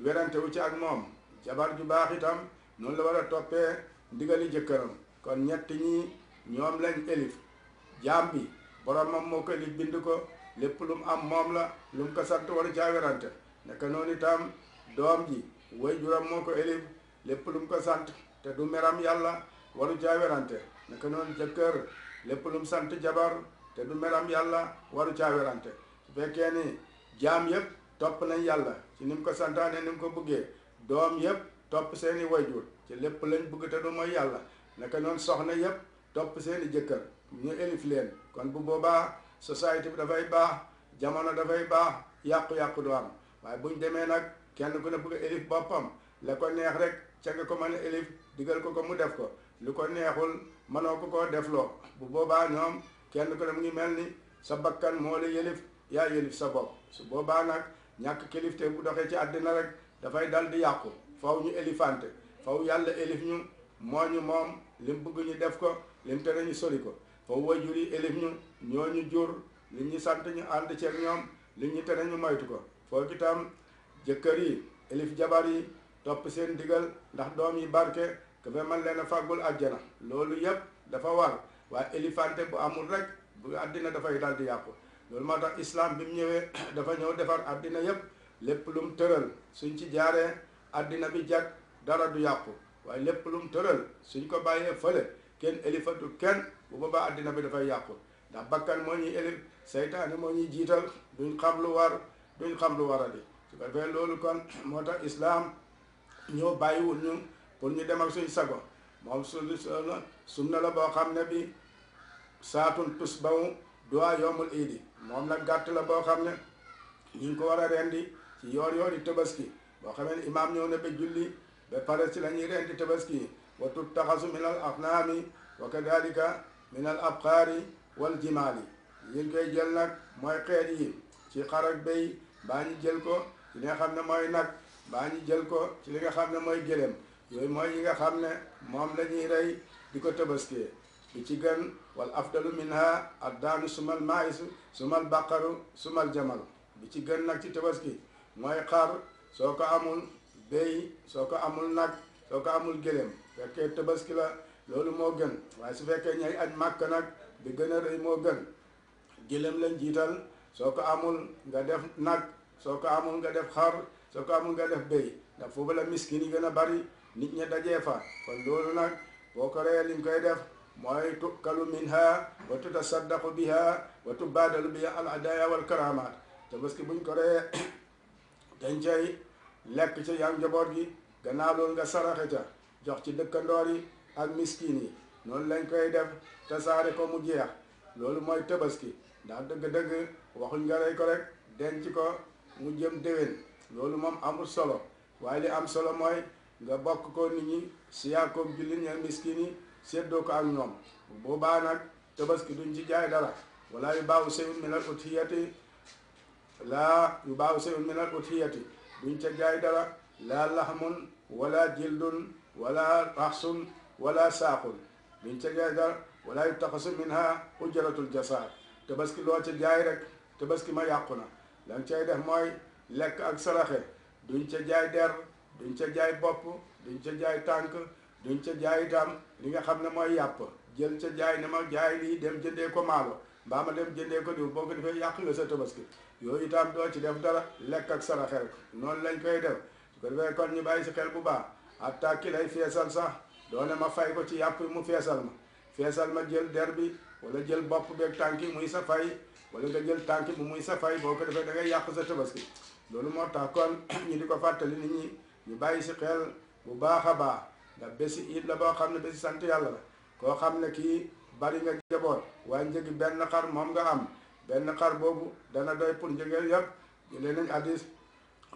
werante wu ci ak moom jabar ju baax itam noonu la war a toppee ndigali jëkkëram kon ñett ñi ñoom lañ elif jaam bi boromam moo ko elif bind ko lépp lu mu am moom la lum ko sant waru caa werante naka noonu itam doom ji way juram moo ko elif lépp lum ko sant te du meram yàlla waru caa werante naka noonu jëkkër lépp lu sant jabar te du meram yàlla waru caa werante su fekkee ni jaam yëpp top nañ yàlla ci nim ko santaane nim ko bëggee doom yépp top seeni wayjur ci lépp lañ bëgg te du mooy yàlla naka noonu soxna yépp top seeni jëkkër ñu elif leen kon bu boobaa society bi dafay baax jamono dafay baax yàqu-yàqu du am waaye buñ demee nag kenn ku ne bëgg elif boppam la ko neex rek ca nga ko mën a elif digal ko ko mu def ko lu ko neexul mënoo ko koo defloo bu boobaa ñoom kenn ku ne mu ngi mel ni sa bakkan moo la yaa sa bopp su boobaa nag ñàkk kilifte bu doxee ci àddina rek dafay dal di yàqu faw ñu élifante faw yàlla élif ñu moo ñu moom lim bëgg ñu def ko lim tere ñu soli ko faw wajur yi élif ñu ñoo ñu jur li ñu sant ñu ànd ceeg ñoom li ñu tere ñu moytu ko foofu itam jëkkër yi élif jabar yi topp seen digal ndax doom yi barke que man leen a fàggul àjjana loolu yëpp dafa war waaye élifante bu amul rek bu àddina dafay dal di yàqu loolu moo tax islaam bi mu ñëwee dafa ñëw defar àddina yépp lépp lu mu tëral suñ ci jaaree àddina bi jag dara du yàqu waaye lépp lum mu tëral suñ ko bàyyee fële kenn élifatu kenn bu boobaa addina bi dafay yàqu ndax bakkan moo ñuy élif seytaane moo ñuy jiital duñ xam lu war duñ xam lu war a di su ko defee loolu kon moo tax islaam ñoo bàyyiwul ñu pour ñu dem ak suñ sago moom su sunna la boo xam ne bi saatun tus bawu duwaa yombul iidi moom nag gàtt la boo xam ne ñu ngi ko war a rendi ci yoor yoori tabaski boo xam ne imaam ñëw na ba julli ba pare ci la ñuy rendi tabaski watu tuttaxasu min al afnaami wa kadalika min al abqaari wal jimaali yi koy jël nag mooy xeet yi ci xar ak béy baa ñu jël ko ci li nga xam ne mooy nag baa ñu jël ko ci li nga xam ne mooy gëléem yooyu mooy yi nga xam ne moom lañuy rey di ko tabaskee bi ci gën wal aftalu minha adan sumal maiz sumal baqar sumal jamal bi ci gën nak ci tawaski moy xaar soko amul bey soko amul nak soko amul gelem fekke tawaski la lolu mo gën way su ad mak ak makka nak bi gëna reey mo gën gelem lañ jital soko amul nga def nak soko amul nga def xaar soko amul nga def bey da fofu la miskini gëna bari nit ñi dajé fa kon lolu nak bokore lim kaya def mooy tukkalu minha wa tutasaddaqu biha wa tubadalu biha al adaya wal karamat tabaski buñ ko reyee dañ cay lekk ca yaam njaboot gi gannaaw loolu nga saraxe ca jox ci dëkkandoor yi ak miskin yi noonu lañ koy def tasaare ko mu jeex loolu mooy tabaski ndax dëgg-dëgg waxuñ nga rey ko rek denc ko mu jëm déwén loolu moom amul solo waaye li am solo mooy nga bokk ko nit ñi siyaa koog jullit ñi miskin yi seddoo ko ak ñoom boobaa nag tabaski duñ ci jaay dara wala yu baawu seyun minal utiyati laa yu baawu seyun minal utiyati duñ ca jaay dara laa laxmun wala jildun wala raxsun wala saaqun duñ ca jaay dara wala yu taxasu minha ujratul jasaar tabaski loo ca jaay rek tabaski ma yàqu na lan cay def mooy lekk ak saraxe duñ ca jaay der duñ ca jaay bopp duñ ca jaay tànk duñ ca jaay itam li nga xam ne mooy yàpp jël ca jaay ne ma jaay lii dem jëndee ko maalo baa ma dem jëndee ko diw boo ko defee yàq nga sa tabaski yooyu itam doo ci def dara lekk ak saraxe rek noonu lañ koy def su ko defee kon ñu bàyyi si xel bu baax hatta ki lay feesal sax doone ma fay ko ci yàpp mu feesal ma feesal ma jël der bi wala jël bopp beeg tànk yi muy sa fay wala nga jël tànk bi muy sa fay boo ko defee da ngay yàq sa tabaski loolu moo tax kon ñu di ko fàttali nit ñu bàyyi si xel bu baax a baax nga bési it la boo xam ne bési sant yàlla la koo xam ne kii bari nga njaboot waaye njëgi benn xar moom nga am benn xar boobu dana doy pour njëgeel yépp jëlee nañ hadis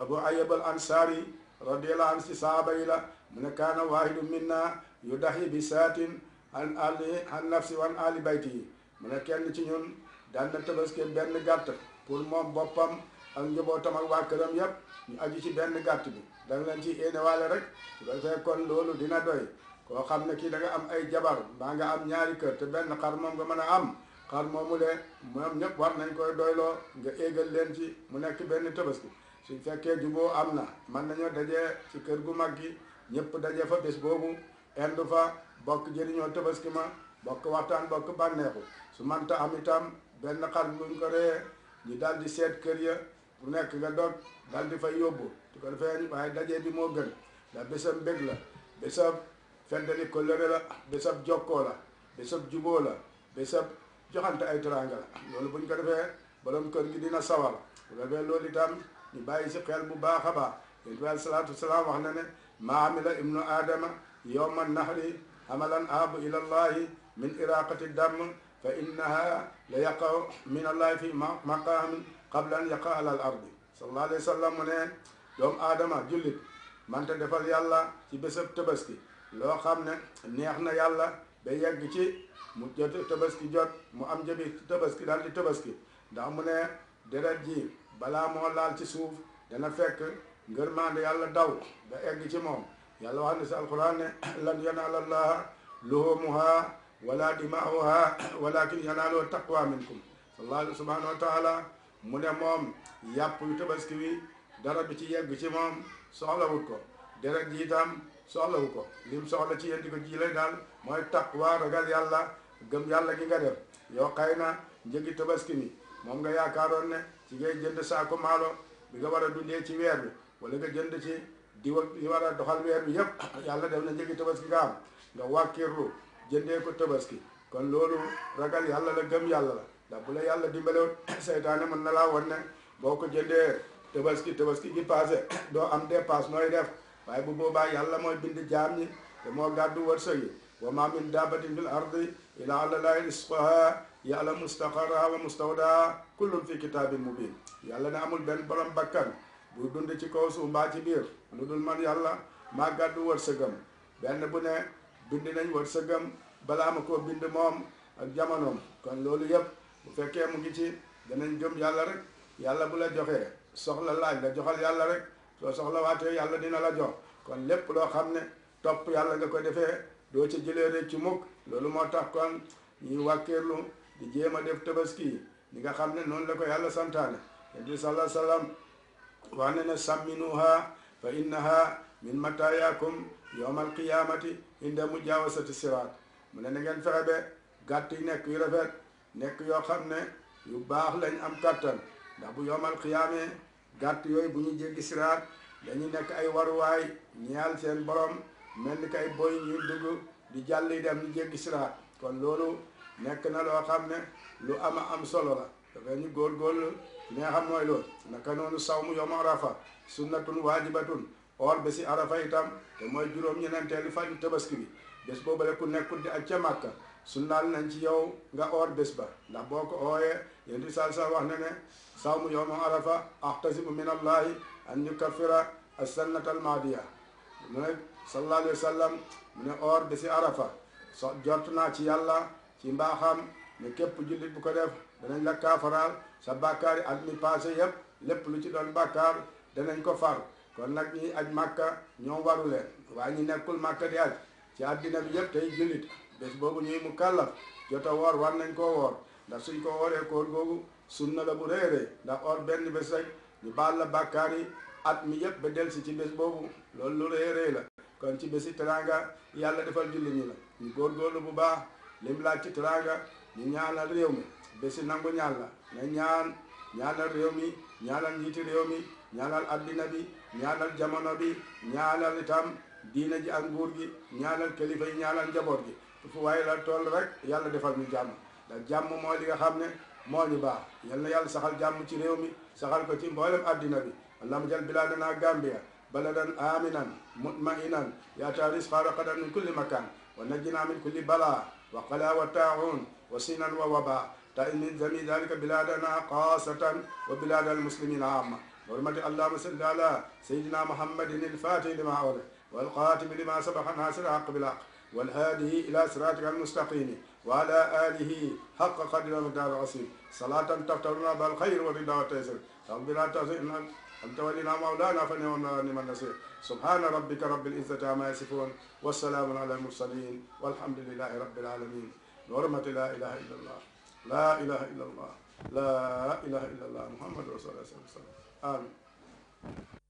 abu ayab al ansaari radiyallahu anhu si saaba yi la mu ne kaana waahidu minna yu daxi bi saatin an ali an nafsi wan ali bayti yi mu ne kenn ci ñun daan na tabaske benn gàtt pour moom boppam ak njabootam tamal waa këram yëpp ñu aju ci benn gàtt bi danga leen ciy yéenewaale rek su ko defee kon loolu dina doy koo xam ne kii da nga am ay jabar baa nga am ñaari kër te benn xar moom nga mën a am xar moomu lee moom ñëpp war nañ koy doyloo nga éegal leen ci mu nekk benn tabaski suñ fekkee juboo am na mën nañoo dajee ci kër gu mag gi ñëpp daje fa bés boobu indu fa bokk jëriñoo tabaski ma bokk waxtaan bokk bànneexu su mënta am itam benn xar buñ ko ñu daal di seet kër ya bu nekk nga doog dal di fay yóbbu su ko defee waaye daje bi moo gën ndax bésam bég la bésam fentali kóllëre la bésam jokkoo la bésam juboo la bésam joxante ay teraanga la loolu bu ñu ko defee borom kër gi dina sawar bu ko defee loolu itam ñu bàyyi si xel bu baax a baax yonent bi aleyhi salaatu wasalaam wax na ne maa amila ibnu aadama yowma nahri amalan abu ilallahi min iraqati damm fa innaha la yaqaw min allahi fi maqamin qabla an yaqa ala al ardi sallallahu alayhi mu ne doomu aadama jullit mante defal yàlla ci bésab tabaski loo xam ne neex na yàlla ba yegg ci mu jot tabaski jot mu am jabi tabaski daal di tabaski ndax mu ne deret ji balaa moo laal ci suuf dana fekk ngërmaande yàlla daw ba egg ci moom yàlla wax ne si alquran ne lan yanala llaha luhumuha wala dimaahuha walakin yanaaloo taqwa minkum allah subhanahu wa taala mu ne moom yàpp yu tabaski wi dara bi ci yeggu ci moom wut ko deret ji itam soxlawu ko lim soxla ci yéen di ko ji lay daal mooy taqwa ragal yàlla gëm yàlla gi nga def yow xëy na njëgi tabaski mi moom nga yaakaaroon ne ci ngay jënd saako maalo bi nga war a ci weer bi wala nga jënd ci di wa di war a doxal weer bi yépp yàlla def na njëgi tabaski nga am nga wàkkirlu jëndee ko tabaski kon loolu ragal yàlla la gëm yàlla la ndax bu la yàlla dimbalewul seytaane mën na laa wan ne boo ko jëndee tabaski tabaski gi passé doo am dépasse nooy def waaye bu boobaa yàlla mooy bind jaam ñi te moo gàddu wërsëg yi wa ma min dabbatin fil ardi illa ala llahi rizquha ya'lamu mustaqarraha wa mustawdaha kullun fi kitabin mubin yàlla ne amul benn borom bakkan bu dund ci kaw suuf mbaa ci biir lu dul man yàlla maa gàddu wërsëgam benn bu ne balaa ma koo bind moom ak jamonoom kon loolu yëpp bu fekkee mu ngi ci danañ gëm yàlla rek yàlla bu la joxee soxla laaj la joxal yàlla rek soo soxla waatee yàlla dina la jox kon lépp loo xam ne topp yàlla nga ko defee doo ci jëlee ci mukk loolu moo tax kon ñuy wàkkeerlu di jéem a def tabaski ñi nga xam ne noonu la ko yàlla santaane yonent bi sallallahu alayhi wasallam wax ne ne samminuha fa innaha min mataayakum yawma alqiyamati inda mujawasati siraat mu ne na ngeen fexe ba gàtt yi nekk yu rafet nekk yoo xam ne yu baax lañ am kàttan ndax bu yomal xiyaamee gàtt yooyu bu ñu jéggi siraat dañu nekk ay waruwaay ñeyal seen borom mel ni kay boy ñuy dugg di jàll yi dem ñu jéggi siraat kon loolu nekk na loo xam ne lu ama am solo la dafay ñu góor góorgóorlu li nga xam mooy loolu naka noonu saw sawmu yowma arafa sunnatun waajibatun or ba si arafa itam te mooy juróom ñeneenteelu fan tabaski bi bés boobu rek ku nekkul di ak ca su sunnaal nañ ci yow nga oor bés ba ndax boo ko ooyee yéen di sal sal wax na ne sawmu yowma arafa ahtasibu min allahi an yukaffira assannata almaadiya mu ne sallallahu alayhi wa sallam mu ne oor bési arafa so jot naa ci yàlla ci mbaaxam ne képp jullit bu ko def danañ la kaafaraal sa bàkkaar yi at yépp lépp lu ci doon bàkkaar danañ ko far kon nag ñi aj màkka ñoom waru leen waaye ñi nekkul màkka di aj ci àddina bi yëpp tey jullit bés boobu ñuy mu kàllaf jot a woor war nañ koo woor ndax suñ ko wooree koor googu sunna la bu réeree ndax or benn bés rek ñu baal la bàkkaar yi at mi yëpp ba delsi ci bés boobu loolu lu réeree la kon ci bési teranga yàlla defal jullit ñi la ñu góorgóorlu bu baax lim laaj ci teranga ñu ñaanal réew mi bési nangu ñaan la na ñaan ñaanal réew mi ñaanal njiiti réew mi ñaanal addina bi ñaanal jamono bi ñaanal itam diina ji ak nguur gi ñaanal kilifa yi ñaanal njaboot gi fu waaye la toll rek yàlla defal ñu jàmm da jàmm mooy li nga xam ne moo ñu baax yal na yàlla saxal jàmm ci réew mi saxal ko ci mboolem addina bi allahumma jal bilaadana gambia baladan aminan mutmainan yaataa risqa raqadan min kulli makan wa najjina min kulli bala wa qala wa taaun wa sinan wa waba ta inni zami dalika biladana xaasatan wa bilada almuslimina amma bi hurmati allahumma salli ala sayidina والقاتم لما سبق الناس الحق بالحق والهادي إلى صراطك المستقيم وعلى آله حق قدر ومقدار العصيم صلاة تفترنا بالخير والرضا والتيسير وتيسر ربنا تزئنا أنت ولينا مولانا فنعم النصير سبحان ربك رب العزة عما يصفون والسلام على المرسلين والحمد لله رب العالمين نورمة لا إله إلا الله لا إله إلا الله لا إله إلا الله محمد رسول الله صلى الله عليه وسلم آمين